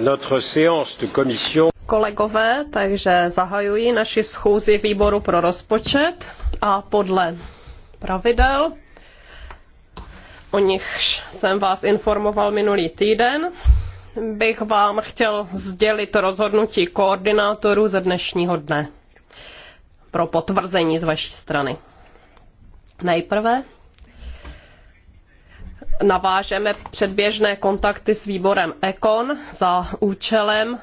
notre séance de commission. Kolegové, takže zahajuji naši schůzi výboru pro rozpočet a podle pravidel, o nichž jsem vás informoval minulý týden, bych vám chtěl sdělit rozhodnutí koordinátorů ze dnešního dne pro potvrzení z vaší strany. Nejprve navážeme předběžné kontakty s výborem Econ za účelem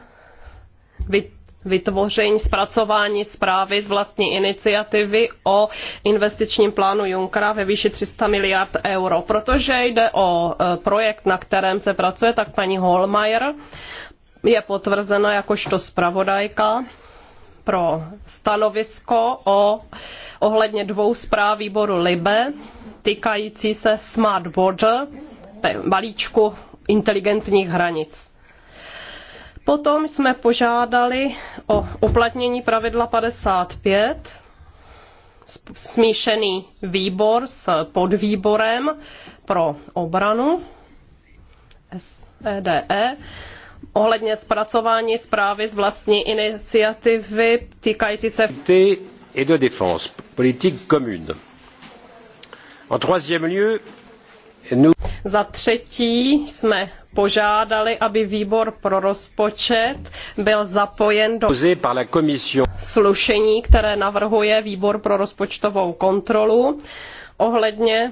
vytvoření, zpracování zprávy z vlastní iniciativy o investičním plánu Junckera ve výši 300 miliard euro. Protože jde o e, projekt, na kterém se pracuje, tak paní Holmeier je potvrzena jakožto zpravodajka pro stanovisko o ohledně dvou zpráv výboru LIBE týkající se Smart Border, balíčku inteligentních hranic. Potom jsme požádali o uplatnění pravidla 55, smíšený výbor s podvýborem pro obranu SEDE ohledně zpracování zprávy z vlastní iniciativy týkající se et de défense, politique commune. En troisième lieu, nous... Za třetí jsme požádali, aby výbor pro rozpočet byl zapojen do slušení, které navrhuje výbor pro rozpočtovou kontrolu ohledně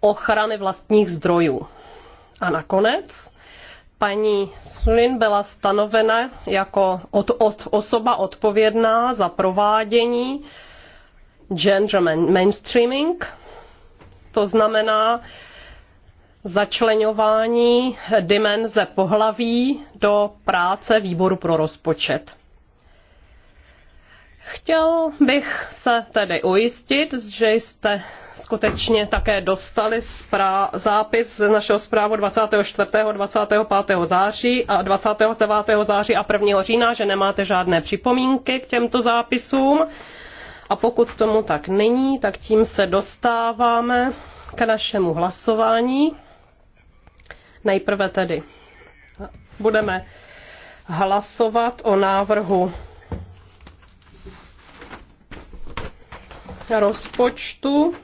ochrany vlastních zdrojů. A nakonec paní Sulin byla stanovena jako od, od, osoba odpovědná za provádění gender mainstreaming, to znamená začlenování dimenze pohlaví do práce výboru pro rozpočet. Chtěl bych se tedy ujistit, že jste skutečně také dostali zprá- zápis z našeho zprávu 24. 25. září a 29. září a 1. října, že nemáte žádné připomínky k těmto zápisům. A pokud tomu tak není, tak tím se dostáváme k našemu hlasování. Nejprve tedy budeme hlasovat o návrhu rozpočtu.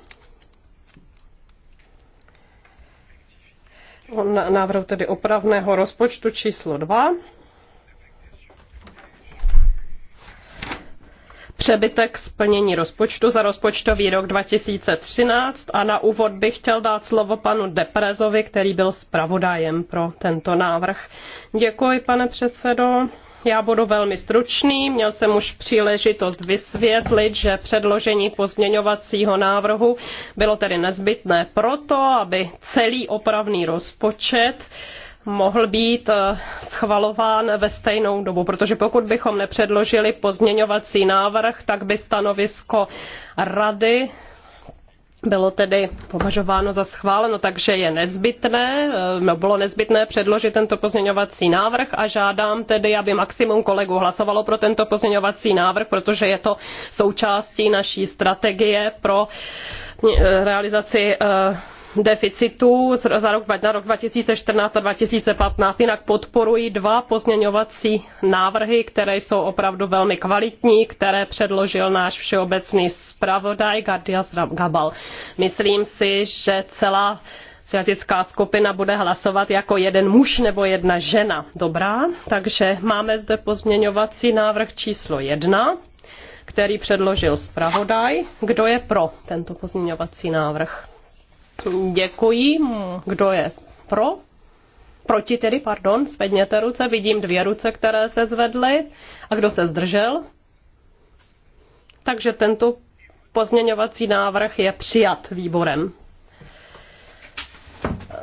Návrhu tedy opravného rozpočtu číslo 2. přebytek splnění rozpočtu za rozpočtový rok 2013 a na úvod bych chtěl dát slovo panu Deprezovi, který byl zpravodajem pro tento návrh. Děkuji, pane předsedo. Já budu velmi stručný. Měl jsem už příležitost vysvětlit, že předložení pozměňovacího návrhu bylo tedy nezbytné proto, aby celý opravný rozpočet mohl být eh, schvalován ve stejnou dobu, protože pokud bychom nepředložili pozměňovací návrh, tak by stanovisko rady bylo tedy považováno za schváleno, takže je nezbytné, eh, bylo nezbytné předložit tento pozměňovací návrh a žádám tedy, aby maximum kolegů hlasovalo pro tento pozměňovací návrh, protože je to součástí naší strategie pro eh, realizaci eh, deficitu za rok, thousand and 2014 a 2015. Jinak podporuji dva pozměňovací návrhy, které jsou opravdu velmi kvalitní, které předložil náš všeobecný zpravodaj Gardias Gabal. Myslím si, že celá socialistická skupina bude hlasovat jako jeden muž nebo jedna žena. Dobrá, takže máme zde pozměňovací návrh číslo jedna, který předložil zpravodaj. Kdo je pro tento pozměňovací návrh? Děkuji. Kdo je pro? Proti tedy, pardon, zvedněte ruce. Vidím dvě ruce, které se zvedly. A kdo se zdržel? Takže tento pozměňovací návrh je přijat výborem.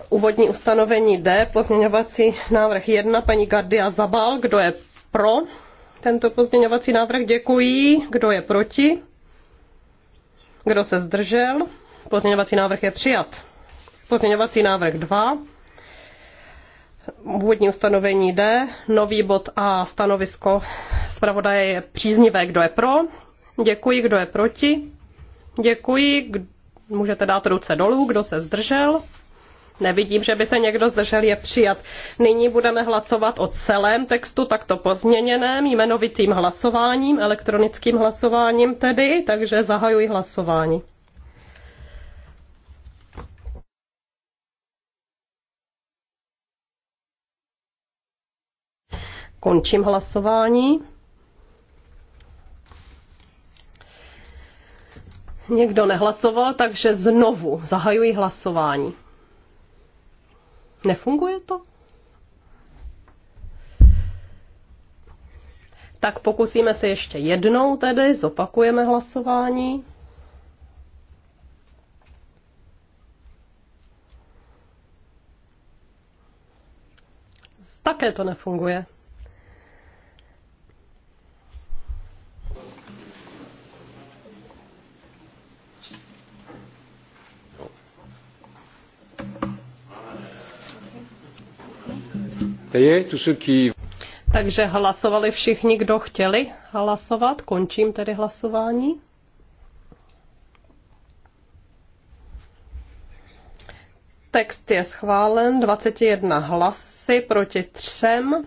Úvodní ustanovení D, pozměňovací návrh 1, paní Gardia Zabal, kdo je pro tento pozměňovací návrh, děkuji. Kdo je proti? Kdo se zdržel? Pozměňovací návrh je přijat. Pozměňovací návrh 2. Úvodní ustanovení D. Nový bod A. Stanovisko zpravodaje je příznivé. Kdo je pro? Děkuji. Kdo je proti? Děkuji. Můžete dát ruce dolů. Kdo se zdržel? Nevidím, že by se někdo zdržel, je přijat. Nyní budeme hlasovat o celém textu, takto pozměněném, jmenovitým hlasováním, elektronickým hlasováním tedy, takže zahajuji hlasování. Končím hlasování. Někdo nehlasoval, takže znovu zahajuji hlasování. Nefunguje to? Tak pokusíme se ještě jednou tedy, zopakujeme hlasování. Také to nefunguje. Takže hlasovali všichni, kdo chtěli hlasovat. Končím tedy hlasování. Text je schválen 21 hlasy proti třem.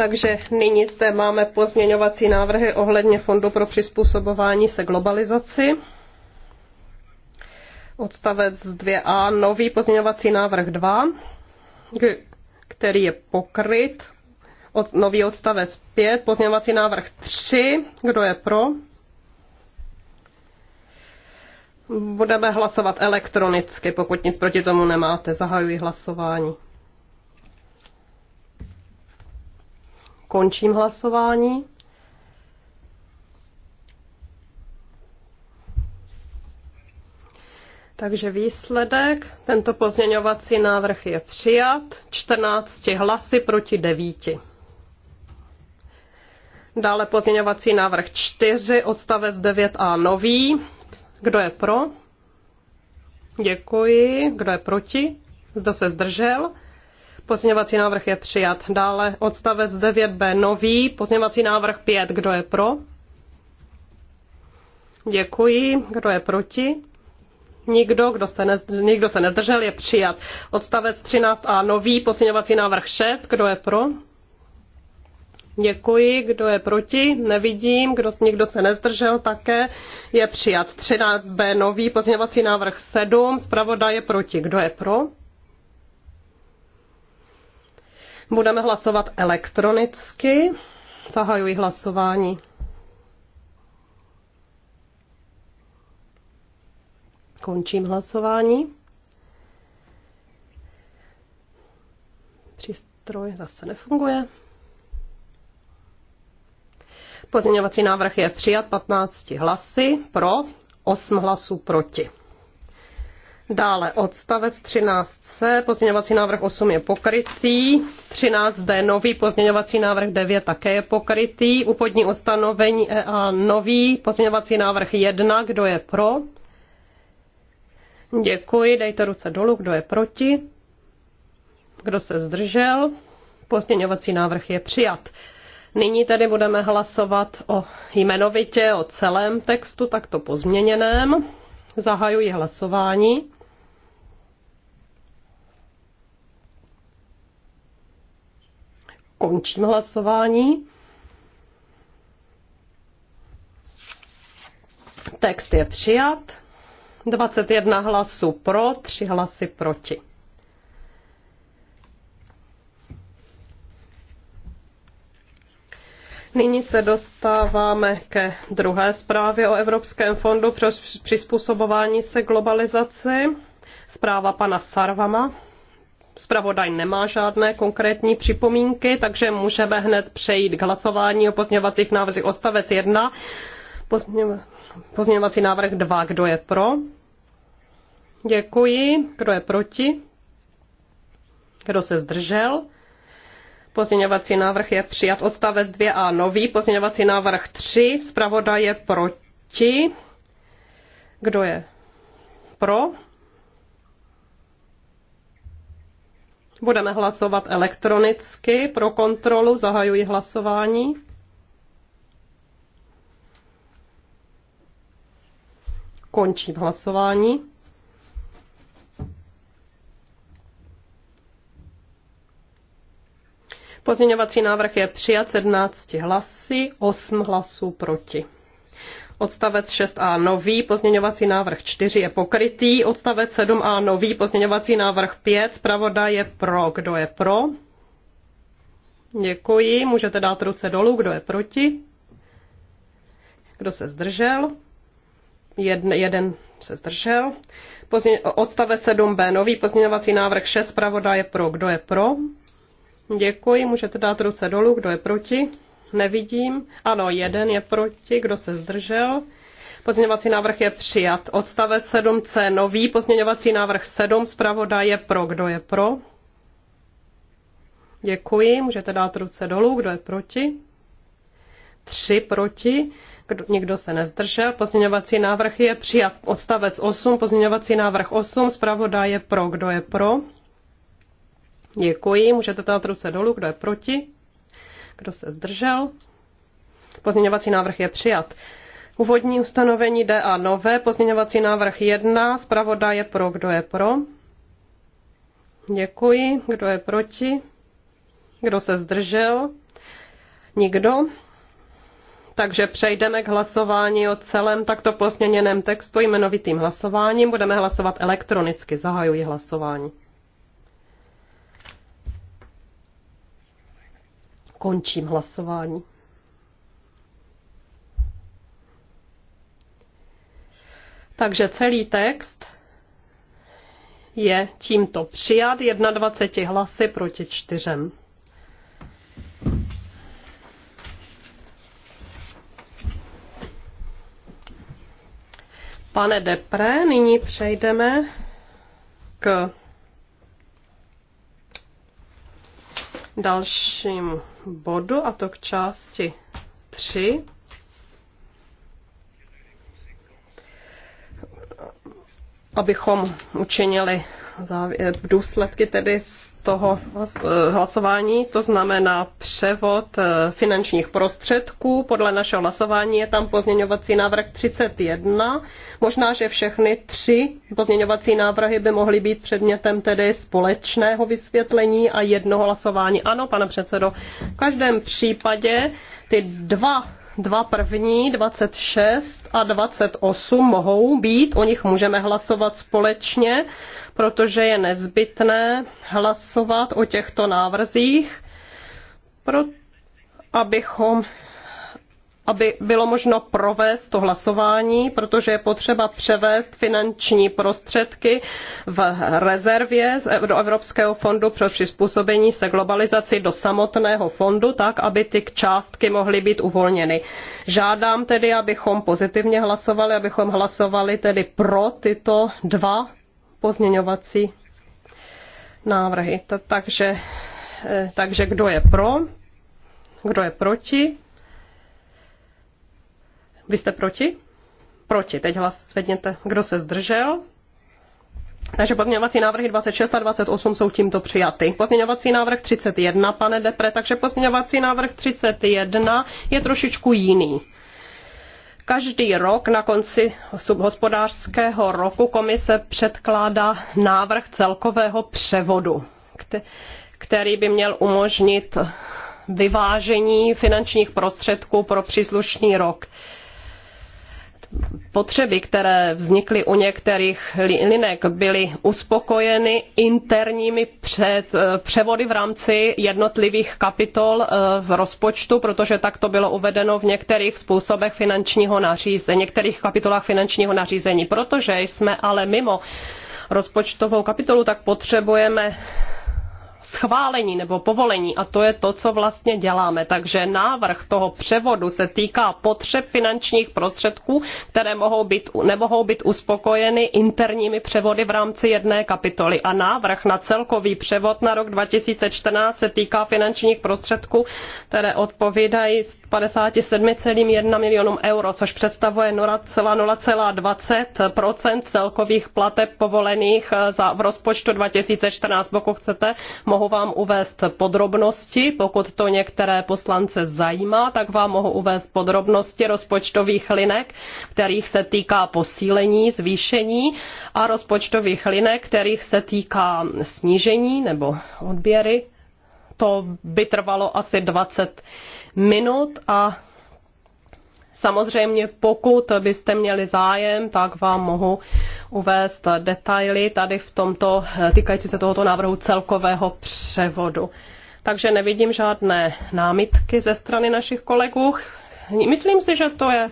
Takže nyní zde máme pozměňovací návrhy ohledně Fondu pro přizpůsobování se globalizaci. Odstavec 2a, nový pozměňovací návrh 2, který je pokryt. Od, nový odstavec 5, pozměňovací návrh 3, kdo je pro? Budeme hlasovat elektronicky, pokud nic proti tomu nemáte. Zahajuji hlasování. Končím hlasování. Takže výsledek, tento pozměňovací návrh je přijat, 14 hlasy proti 9. Dále pozměňovací návrh 4, odstavec 9a nový. Kdo je pro? Děkuji. Kdo je proti? Zda se zdržel? Pozměňovací návrh je přijat. Dále odstavec 9b nový. Pozměňovací návrh 5. Kdo je pro? Děkuji. Kdo je proti? Nikdo, kdo se, nezdržel, nikdo se nezdržel, je přijat. Odstavec 13a nový pozměňovací návrh 6. Kdo je pro? Děkuji. Kdo je proti? Nevidím. Kdo, nikdo se nezdržel také. Je přijat. 13b nový pozměňovací návrh 7. Zpravodaj je proti. Kdo je pro? Budeme hlasovat elektronicky. Zahajuji hlasování. Končím hlasování. Přístroj zase nefunguje. Pozměňovací návrh je přijat 15 hlasy pro, 8 hlasů proti. Dále odstavec 13c, pozměňovací návrh 8 je pokrytý, 13d nový pozměňovací návrh 9 také je pokrytý, úpodní ustanovení e a nový pozměňovací návrh 1, kdo je pro? Děkuji, dejte ruce dolů, kdo je proti? Kdo se zdržel? Pozměňovací návrh je přijat. Nyní tedy budeme hlasovat o jmenovitě o celém textu, takto pozměněném. Zahajuji hlasování. Končím hlasování. Text je přijat. 21 hlasů pro, 3 hlasy proti. Nyní se dostáváme ke druhé zprávě o Evropském fondu pro přizpůsobování se globalizaci. Zpráva pana Sarvama. Spravodaj nemá žádné konkrétní připomínky, takže můžeme hned přejít k hlasování o pozměňovacích návrzích odstavec 1. Pozměňovací návrh 2. Kdo je pro? Děkuji. Kdo je proti? Kdo se zdržel? Pozměňovací návrh je přijat odstavec 2a nový. Pozměňovací návrh 3. Zpravodaj je proti. Kdo je pro? Budeme hlasovat elektronicky pro kontrolu. Zahajuji hlasování. Končím hlasování. Pozměňovací návrh je přijat 17 hlasy, 8 hlasů proti. Odstavec 6a nový pozměňovací návrh 4 je pokrytý. Odstavec 7a nový pozměňovací návrh 5. Zpravoda je pro. Kdo je pro? Děkuji. Můžete dát ruce dolů. Kdo je proti? Kdo se zdržel? Jedn, jeden se zdržel. Pozně, odstavec 7b nový pozměňovací návrh 6. Zpravoda je pro. Kdo je pro? Děkuji. Můžete dát ruce dolů. Kdo je proti? nevidím. Ano, jeden je proti, kdo se zdržel. Pozměňovací návrh je přijat. Odstavec 7c nový. Pozměňovací návrh 7 je pro. Kdo je pro? Děkuji. Můžete dát ruce dolů. Kdo je proti? Tři proti. Kdo, nikdo se nezdržel. Pozměňovací návrh je přijat. Odstavec 8. Pozměňovací návrh 8. je pro. Kdo je pro? Děkuji. Můžete dát ruce dolů. Kdo je proti? Kdo se zdržel? Pozměňovací návrh je přijat. Úvodní ustanovení D a nové. Pozměňovací návrh 1. Zpravodá je pro. Kdo je pro? Děkuji. Kdo je proti? Kdo se zdržel? Nikdo. Takže přejdeme k hlasování o celém takto posněněném textu jmenovitým hlasováním. Budeme hlasovat elektronicky. Zahajuji hlasování. Končím hlasování. Takže celý text je tímto přijat 21 hlasy proti čtyřem. Pane Depre, nyní přejdeme k dalšímu bodu, a to k části 3. Abychom učinili důsledky tedy z toho eh, hlasování, to znamená převod eh, finančních prostředků. Podle našeho hlasování je tam pozměňovací návrh 31. Možná, že všechny tři pozměňovací návrhy by mohly být předmětem tedy společného vysvětlení a jednoho hlasování. Ano, pane předsedo, v každém případě ty dva Dva první, 26 a 28 mohou být, o nich můžeme hlasovat společně, protože je nezbytné hlasovat o těchto návrzích, pro, abychom aby bylo možno provést to hlasování, protože je potřeba převést finanční prostředky v rezervě do Evropského fondu pro přizpůsobení se globalizaci do samotného fondu, tak aby ty částky mohly být uvolněny. Žádám tedy, abychom pozitivně hlasovali, abychom hlasovali tedy pro tyto dva pozměňovací návrhy. Takže, eh, takže kdo je pro, kdo je proti? Vy jste proti? Proti. Teď hlas svedněte, kdo se zdržel. Takže pozměňovací návrhy 26 a 28 jsou tímto přijaty. Pozměňovací návrh 31, pane Depre, takže pozměňovací návrh 31 je trošičku jiný. Každý rok na konci hospodářského roku komise předkládá návrh celkového převodu, který by měl umožnit vyvážení finančních prostředků pro příslušný rok potřeby, které vznikly u některých linek, byly uspokojeny interními před, eh, převody v rámci jednotlivých kapitol eh, v rozpočtu, protože tak to bylo uvedeno v některých způsobech finančního nařízení, některých kapitolách finančního nařízení. Protože jsme ale mimo rozpočtovou kapitolu, tak potřebujeme schválení nebo povolení a to je to, co vlastně děláme. Takže návrh toho převodu se týká potřeb finančních prostředků, které mohou být, nemohou být uspokojeny interními převody v rámci jedné kapitoly. A návrh na celkový převod na rok 2014 se týká finančních prostředků, které odpovídají 57,1 milionům euro, což představuje 0,20 celkových plateb povolených eh, za, v rozpočtu 2014. Pokud chcete, Mohu vám uvést podrobnosti, pokud to některé poslance zajímá, tak vám mohu uvést podrobnosti rozpočtových linek, kterých se týká posílení, zvýšení a rozpočtových linek, kterých se týká snížení nebo odběry. To by trvalo asi 20 minut a Samozřejmě pokud byste měli zájem, tak vám mohu uvést detaily tady v tomto, týkající se tohoto návrhu celkového převodu. Takže nevidím žádné námitky ze strany našich kolegů. Myslím si, že to je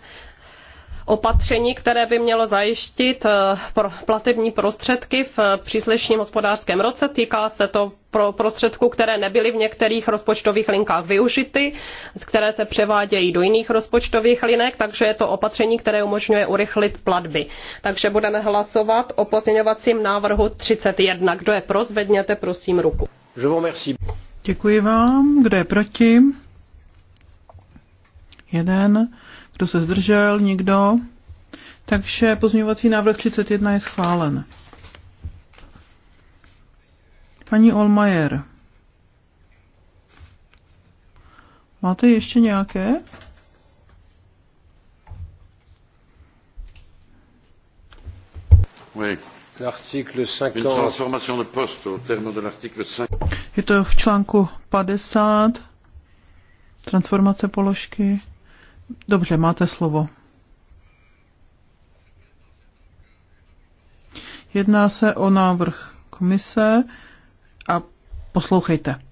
opatření, které by mělo zajištit eh, platební prostředky v eh, příslušném hospodářském roce. Týká se to pro prostředků, které nebyly v některých rozpočtových linkách využity, které se převádějí do jiných rozpočtových linek, takže je to opatření, které umožňuje urychlit platby. Takže budeme hlasovat o pozměňovacím návrhu 31. Kdo je pro, zvedněte prosím ruku. Děkuji vám. Kdo je proti? Jeden. Kdo se zdržel? Nikdo. Takže pozměňovací návrh 31 je schválen. Paní Olmajer. Máte ještě nějaké? 50. Je to v článku 50. Transformace položky. Dobře, máte slovo. Jedná se o návrh komise a poslouchejte.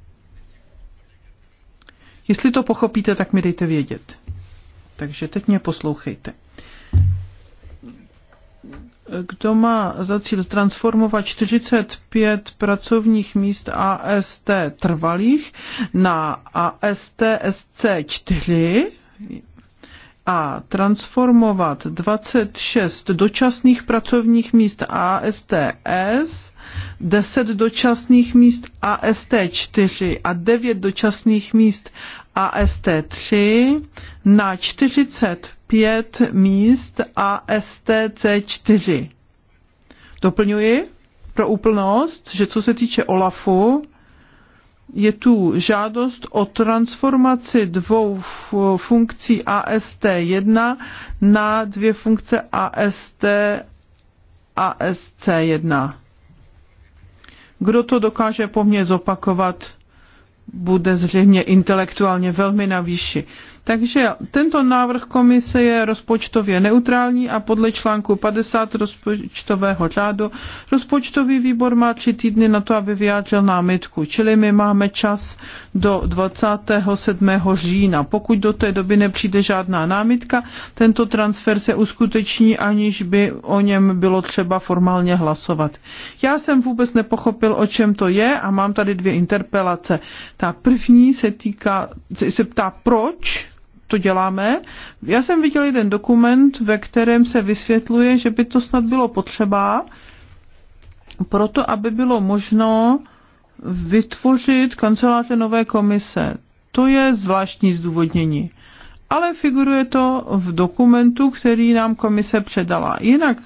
Jestli to pochopíte, tak mi dejte vědět. Takže teď mě poslouchejte. Kdo má za cíl transformovat 45 pracovních míst AST trvalých na AST SC4, a transformovat 26 dočasných pracovních míst ASTS, 10 dočasných míst AST4 a 9 dočasných míst AST3 na 45 míst ASTC4. Doplňuji pro úplnost, že co se týče OLAFu, je tu žádost o transformaci dvou funkcí AST1 na dvě funkce AST asc 1 Kdo to dokáže po mně zopakovat, bude zřejmě intelektuálně velmi na výši. Takže tento návrh komise je rozpočtově neutrální a podle článku 50 rozpočtového řádu rozpočtový výbor má tři týdny na to, aby vyjádřil námitku. Čili my máme čas do 27. října. Pokud do té doby nepřijde žádná námitka, tento transfer se uskuteční, aniž by o něm bylo třeba formálně hlasovat. Já jsem vůbec nepochopil, o čem to je a mám tady dvě interpelace. Ta první se týká, se ptá proč to děláme. Já jsem viděl jeden dokument, ve kterém se vysvětluje, že by to snad bylo potřeba, proto aby bylo možno vytvořit kanceláře nové komise. To je zvláštní zdůvodnění. Ale figuruje to v dokumentu, který nám komise předala. Jinak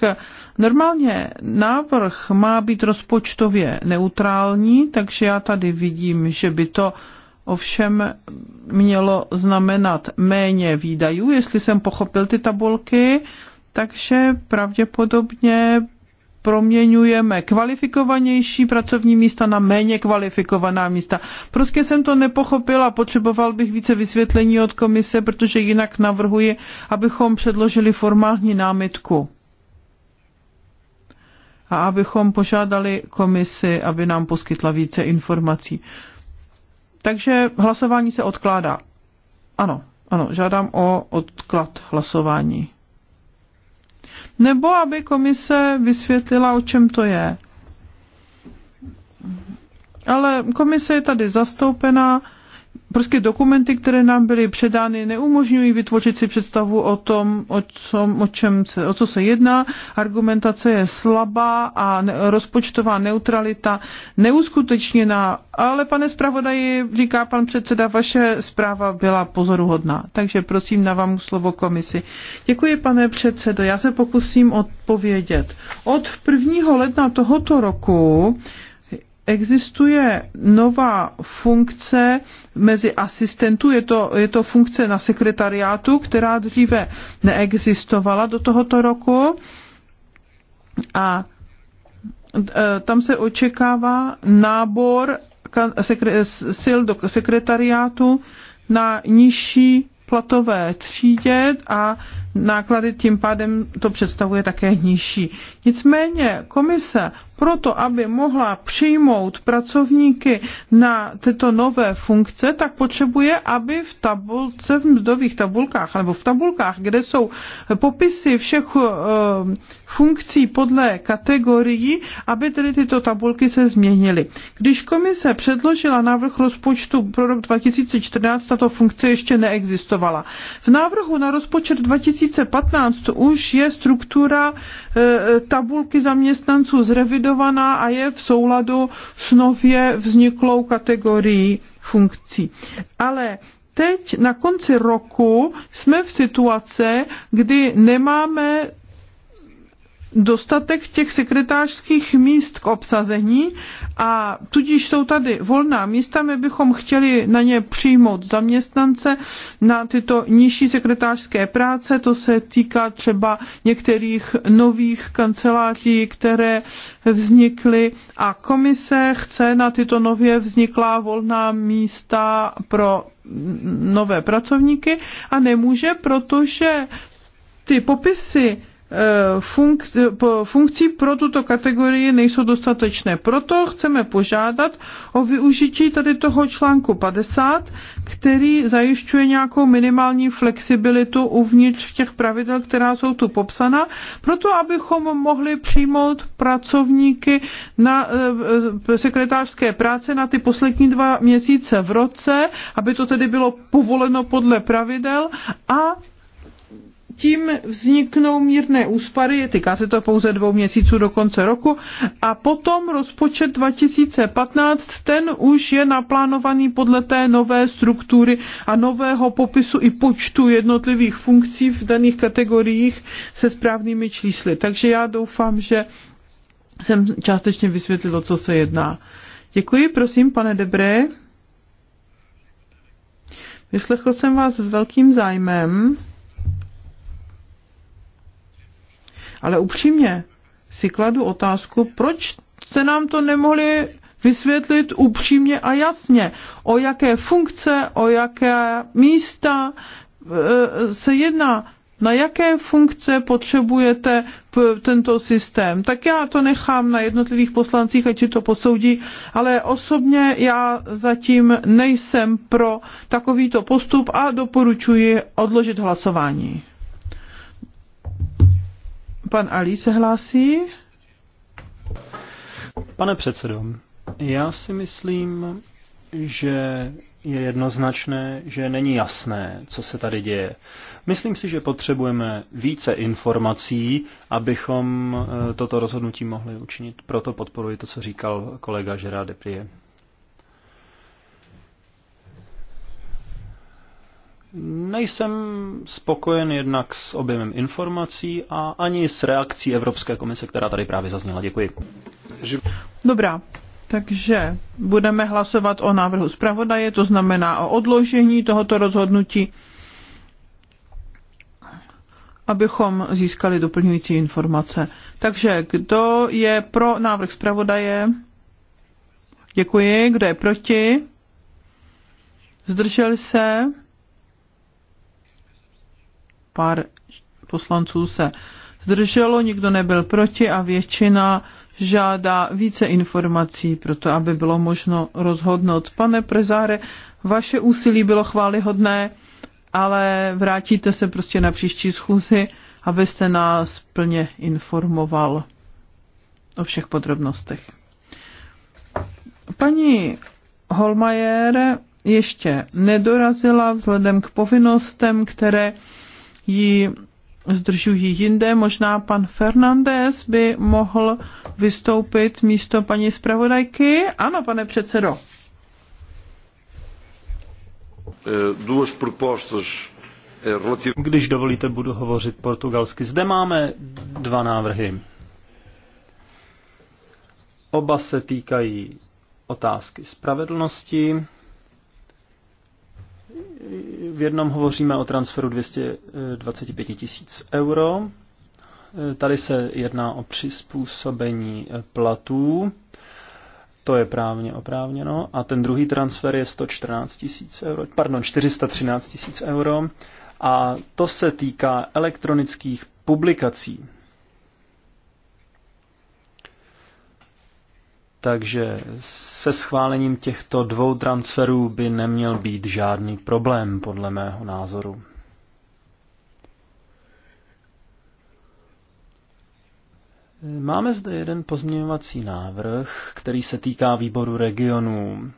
normálně návrh má být rozpočtově neutrální, takže já tady vidím, že by to ovšem mělo znamenat méně výdajů, jestli jsem pochopil ty tabulky, takže pravděpodobně proměňujeme kvalifikovanější pracovní místa na méně kvalifikovaná místa. Prostě jsem to nepochopila, potřeboval bych více vysvětlení od komise, protože jinak navrhuji, abychom předložili formální námitku a abychom požádali komisi, aby nám poskytla více informací. Takže hlasování se odkládá. Ano, ano, žádám o odklad hlasování. Nebo aby komise vysvětlila, o čem to je. Ale komise je tady zastoupená prostě dokumenty, které nám byly předány, neumožňují vytvořit si představu o tom, o, tom, o, čem se, o co se jedná. Argumentace je slabá a ne, rozpočtová neutralita neuskutečněná. Ale pane zpravodaji, říká pan předseda, vaše zpráva byla pozoruhodná. Takže prosím na vám slovo komisi. Děkuji, pane předsedo. Já se pokusím odpovědět. Od 1. ledna tohoto roku existuje nová funkce mezi asistentů, je to, je to funkce na sekretariátu, která dříve neexistovala do tohoto roku a e, tam se očekává nábor sil do sekretariátu na nižší platové třídě a náklady tím pádem to představuje také nižší. Nicméně komise proto, aby mohla přijmout pracovníky na tyto nové funkce, tak potřebuje, aby v tabulce, v mzdových tabulkách, nebo v tabulkách, kde jsou popisy všech eh, funkcí podle kategorií, aby tedy tyto tabulky se změnily. Když komise předložila návrh rozpočtu pro rok 2014, tato funkce ještě neexistovala. V návrhu na rozpočet 2015 už je struktura eh, tabulky zaměstnanců zrevidována revidovaná a je v souladu s nově vzniklou kategorií funkcí. Ale teď na konci roku jsme v situace, kdy nemáme dostatek těch sekretářských míst k obsazení a tudíž jsou tady volná místa. My bychom chtěli na ně přijmout zaměstnance na tyto nižší sekretářské práce. To se týká třeba některých nových kanceláří, které vznikly a komise chce na tyto nově vzniklá volná místa pro nové pracovníky a nemůže, protože ty popisy Eh, funkcí pro tuto kategorii nejsou dostatečné. Proto chceme požádat o využití tady toho článku 50, který zajišťuje nějakou minimální flexibilitu uvnitř těch pravidel, která jsou tu popsana, proto abychom mohli přijmout pracovníky na eh, sekretářské práce na ty poslední dva měsíce v roce, aby to tedy bylo povoleno podle pravidel a tím vzniknou mírné úspary, týká se to pouze dvou měsíců do konce roku, a potom rozpočet 2015, ten už je naplánovaný podle té nové struktury a nového popisu i počtu jednotlivých funkcí v daných kategoriích se správnými čísly. Takže já doufám, že jsem částečně vysvětlil, o co se jedná. Děkuji, prosím, pane Debré. Vyslechl jsem vás s velkým zájmem. Ale upřímně si kladu otázku, proč jste nám to nemohli vysvětlit upřímně a jasně, o jaké funkce, o jaké místa eh, se jedná na jaké funkce potřebujete tento systém. Tak já to nechám na jednotlivých poslancích, ať si to posoudí, ale osobně já zatím nejsem pro takovýto postup a doporučuji odložit hlasování. Pan Ali se hlásí. Pane předsedo, já si myslím, že je jednoznačné, že není jasné, co se tady děje. Myslím si, že potřebujeme více informací, abychom eh, toto rozhodnutí mohli učinit. Proto podporuji to, co říkal kolega Gerard Deprie. Nejsem spokojen jednak s objemem informací a ani s reakcí Evropské komise, která tady právě zazněla. Děkuji. Dobrá, takže budeme hlasovat o návrhu zpravodaje, to znamená o odložení tohoto rozhodnutí, abychom získali doplňující informace. Takže kdo je pro návrh zpravodaje? Děkuji. Kdo je proti? Zdržel se? pár poslanců se zdrželo, nikdo nebyl proti a většina žádá více informací pro to, aby bylo možno rozhodnout. Pane Prezáre, vaše úsilí bylo chválihodné, ale vrátíte se prostě na příští schůzi, abyste nás plně informoval o všech podrobnostech. Paní Holmajer ještě nedorazila vzhledem k povinnostem, které ji zdržují jinde. Možná pan Fernandez by mohl vystoupit místo paní zpravodajky. Ano, pane předsedo. Eh, eh, když dovolíte, budu hovořit portugalsky. Zde máme dva návrhy. Oba se týkají otázky spravedlnosti v jednom hovoříme o transferu 225 tisíc euro. Tady se jedná o přizpůsobení platů. To je právně oprávněno. A ten druhý transfer je 114 tisíc euro, pardon, 413 tisíc euro. A to se týká elektronických publikací. Takže se schválením těchto dvou transferů by neměl být žádný problém, podle mého názoru. Máme zde jeden pozměňovací návrh, který se týká výboru regionů.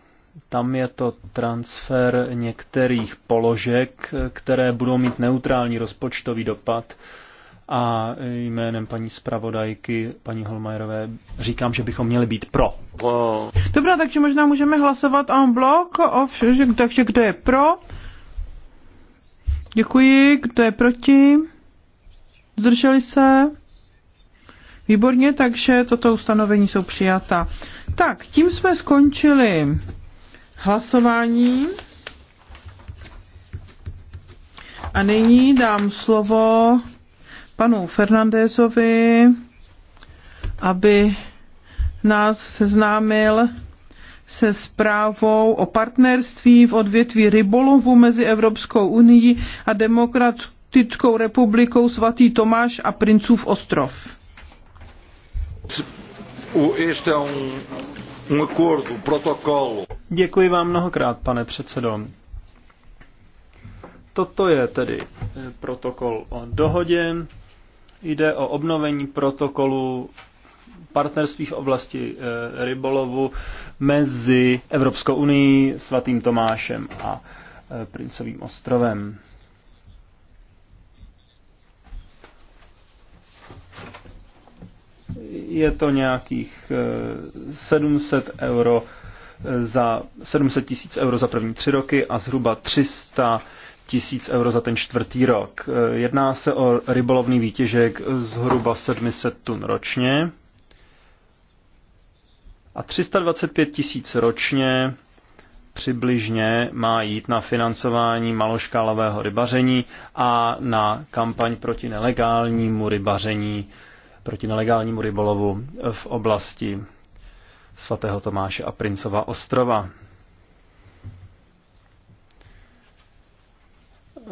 Tam je to transfer některých položek, které budou mít neutrální rozpočtový dopad a jménem paní zpravodajky, paní Holmajerové, říkám, že bychom měli být pro. Wow. Dobrá, takže možná můžeme hlasovat en blok, takže kdo je pro? Děkuji, kdo je proti? Zdrželi se? Výborně, takže toto ustanovení jsou přijata. Tak, tím jsme skončili hlasování. A nyní dám slovo panu Fernandézovi, aby nás seznámil se zprávou o partnerství v odvětví rybolovu mezi Evropskou unii a Demokratickou republikou svatý Tomáš a Princův ostrov. Um, um Děkuji vám mnohokrát, pane předsedo. Toto je tedy eh, protokol o dohodě Jde o obnovení protokolu partnerství v oblasti eh, rybolovu mezi Evropskou unii, svatým Tomášem a eh, Princovým ostrovem. Je to nějakých 700 eh, euro za 700 tisíc euro za první tři roky a zhruba 300 tisíc euro za ten čtvrtý rok. Eh, jedná se o rybolovný výtěžek zhruba 700 tun ročně a 325 tisíc ročně přibližně má jít na financování maloškálového rybaření a na kampaň proti nelegálnímu rybaření, proti nelegálnímu rybolovu v oblasti svatého Tomáše a Princova ostrova.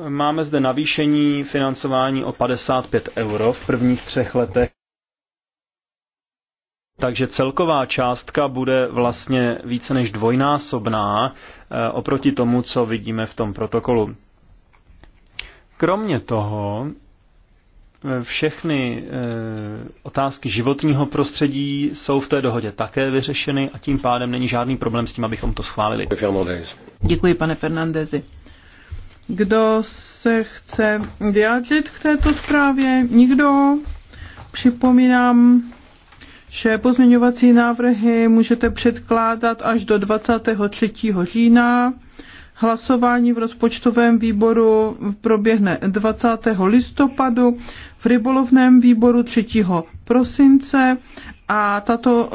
Máme zde navýšení financování o 55 euro v prvních třech letech. Takže celková částka bude vlastně více než dvojnásobná eh, oproti tomu, co vidíme v tom protokolu. Kromě toho, eh, všechny eh, otázky životního prostředí jsou v té dohodě také vyřešeny a tím pádem není žádný problém s tím, abychom to schválili. Děkuji, pane Fernandezi. Kdo se chce vyjádřit k této zprávě? Nikdo? Připomínám, že pozměňovací návrhy můžete předkládat až do 23. října. Hlasování v rozpočtovém výboru proběhne 20. listopadu, v rybolovném výboru 3. prosince a tato,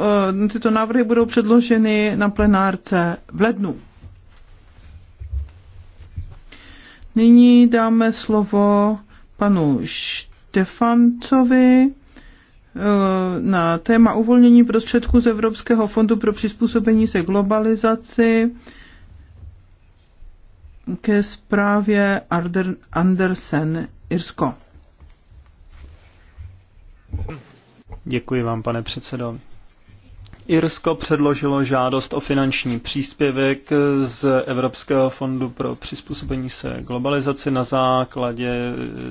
e, tyto návrhy budou předloženy na plenárce v lednu. Nyní dáme slovo panu Štefancovi eh, na téma uvolnění prostředků z Evropského fondu pro přizpůsobení se globalizaci ke zprávě Andersen Irsko. Děkuji vám, pane předsedo. Irsko předložilo žádost o finanční příspěvek z Evropského fondu pro přizpůsobení se globalizaci na základě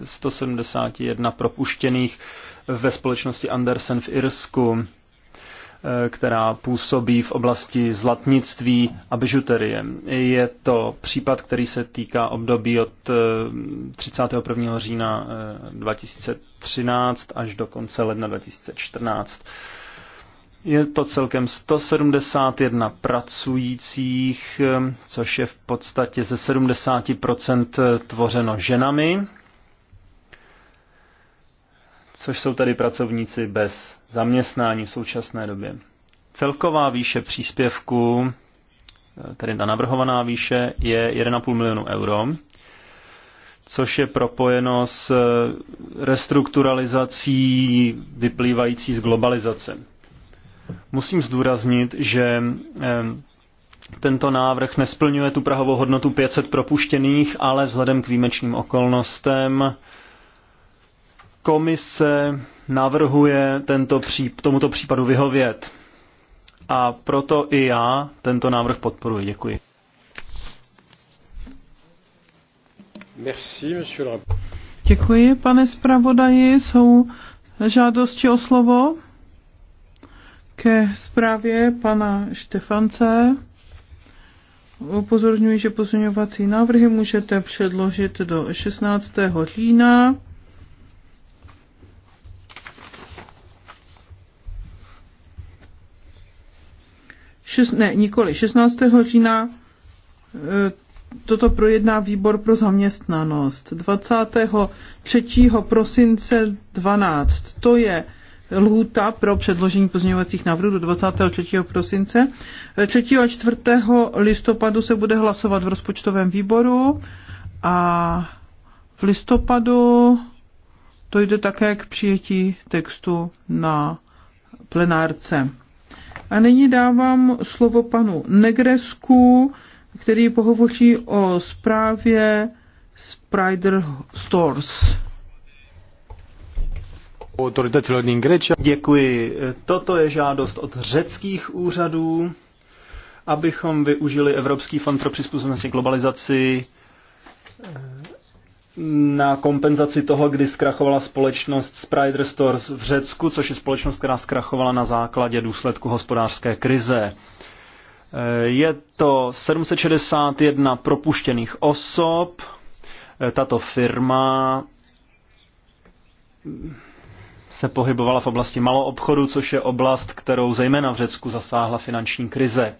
171 propuštěných ve společnosti Andersen v Irsku, eh, která působí v oblasti zlatnictví a bižuterie. Je to případ, který se týká období od 31. Eh, října 2013 eh, až do konce ledna 2014. Je to celkem 171 pracujících, což je v podstatě ze 70% eh, tvořeno ženami, což jsou tady pracovníci bez zaměstnání v současné době. Celková výše příspěvku, eh, tedy ta navrhovaná výše, je 1,5 milionu euro, což je propojeno s eh, restrukturalizací vyplývající z globalizace musím zdůraznit, že tento návrh nesplňuje tu prahovou hodnotu 500 propuštěných, ale vzhledem k výjimečným okolnostem komise navrhuje tento pří, tomuto případu vyhovět. A proto i já tento návrh podporuji. Děkuji. Merci, Děkuji, pane zpravodaji. Jsou žádosti o slovo? Ke zprávě pana Štefance upozorňuji, že pozměňovací návrhy můžete předložit do 16. října. Šest, ne, nikoli 16. října eh, toto projedná výbor pro zaměstnanost 23. prosince 12. To je lhůta pro předložení pozměňovacích návrhů do 23. prosince. 3. a 4. listopadu se bude hlasovat v rozpočtovém výboru a v listopadu to jde také k přijetí textu na plenárce. A nyní dávám slovo panu Negresku, který pohovoří o zprávě Sprider Stores. Děkuji. Toto je žádost od řeckých úřadů, abychom využili Evropský fond pro přizpůsobení globalizaci eh, na kompenzaci toho, kdy zkrachovala společnost Sprider Stores v Řecku, což je společnost, která zkrachovala na základě důsledku hospodářské krize. Eh, je to 761 propuštěných osob. Eh, tato firma se pohybovala v oblasti maloobchodu, což je oblast, kterou zejména v Řecku zasáhla finanční krize.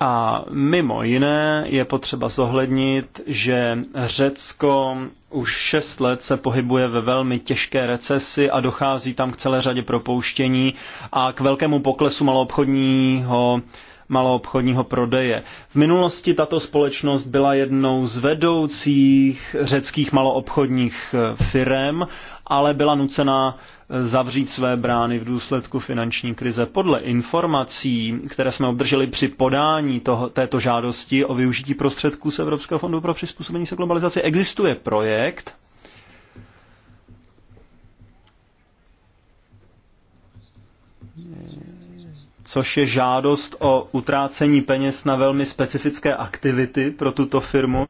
A mimo jiné je potřeba zohlednit, že Řecko už šest let se pohybuje ve velmi těžké recesi a dochází tam k celé řadě propouštění a k velkému poklesu maloobchodního maloobchodního prodeje. V minulosti tato společnost byla jednou z vedoucích řeckých maloobchodních eh, firm, ale byla nucená eh, zavřít své brány v důsledku finanční krize. Podle informací, které jsme obdrželi při podání toho, této žádosti o využití prostředků z Evropského fondu pro přizpůsobení se globalizaci, existuje projekt, což je žádost o utrácení peněz na velmi specifické aktivity pro tuto firmu.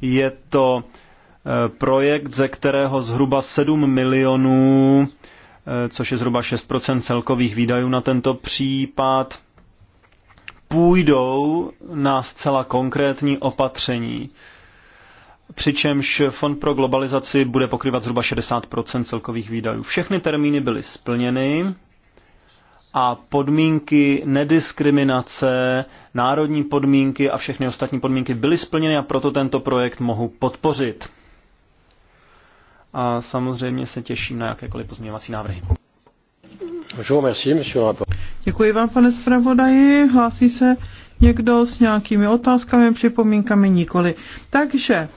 Je to eh, projekt, ze kterého zhruba 7 milionů, eh, což je zhruba 6% celkových výdajů na tento případ, půjdou na zcela konkrétní opatření. Přičemž Fond pro globalizaci bude pokrývat zhruba 60 celkových výdajů. Všechny termíny byly splněny, a podmínky nediskriminace, národní podmínky a všechny ostatní podmínky byly splněny a proto tento projekt mohu podpořit. A samozřejmě se těším na jakékoliv pozměňovací návrhy. Děkuji vám, pane zpravodaji. Hlásí se někdo s nějakými otázkami, připomínkami nikoli. Takže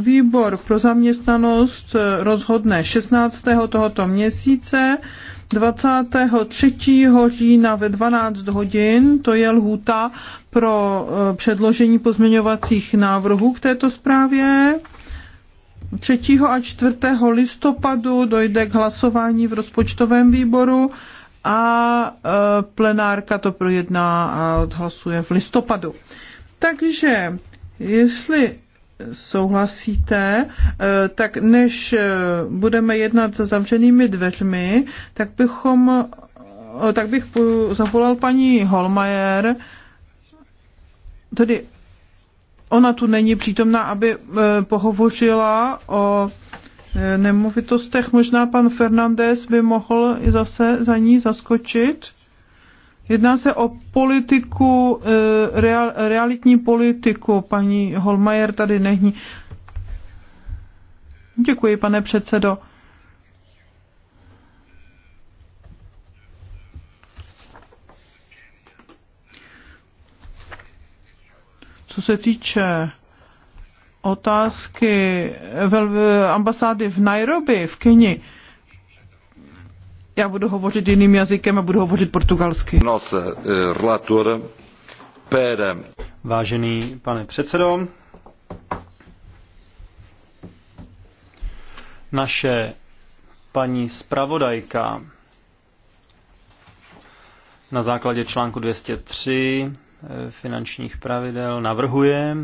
Výbor pro zaměstnanost eh, rozhodne 16. tohoto měsíce, 23. října ve 12 hodin, to je lhůta pro eh, předložení pozměňovacích návrhů k této zprávě. 3. a 4. listopadu dojde k hlasování v rozpočtovém výboru a eh, plenárka to projedná a odhlasuje v listopadu. Takže jestli souhlasíte, eh, tak než eh, budeme jednat za zavřenými dveřmi, tak bychom eh, tak bych zavolal paní Holmajer, tedy ona tu není přítomná, aby pohovořila o nemovitostech. Možná pan Fernandez by mohl zase za ní zaskočit. Jedná se o politiku, e, real, realitní politiku. Paní Holmajer tady není. Děkuji, pane předsedo. Co se týče otázky ambasády v Nairobi, v Keni, já budu hovořit jiným jazykem a budu hovořit portugalsky. Eh, Vážený pane předsedo, naše paní zpravodajka na základě článku 203 eh, finančních pravidel navrhuje,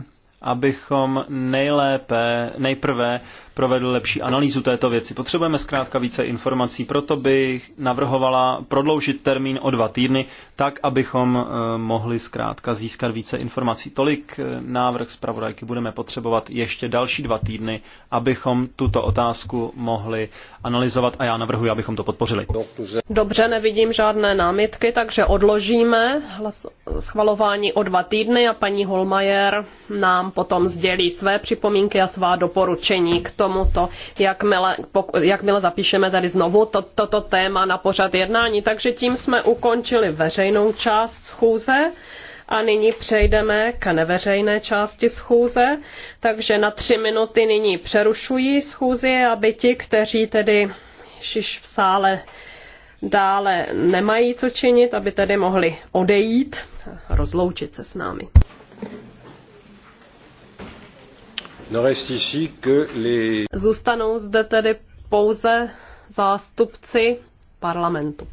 abychom nejlépe, nejprve provedli lepší analýzu této věci. Potřebujeme zkrátka více informací, proto bych navrhovala prodloužit termín o dva týdny, tak abychom eh, mohli zkrátka získat více informací. Tolik eh, návrh zpravodajky budeme potřebovat ještě další dva týdny, abychom tuto otázku mohli analyzovat a já navrhuji, abychom to podpořili. Dobře, nevidím žádné námitky, takže odložíme schvalování o dva týdny a paní Holmajer nám nám potom sdělí své připomínky a svá doporučení k tomuto, jakmile, jakmile zapíšeme tady znovu to, toto téma na pořad jednání. Takže tím jsme ukončili veřejnou část schůze. A nyní přejdeme k neveřejné části schůze, takže na tři minuty nyní přerušují schůzi, aby ti, kteří tedy již v sále dále nemají co činit, aby tedy mohli odejít, rozloučit se s námi. Zůstanou zde tedy pouze zástupci parlamentu.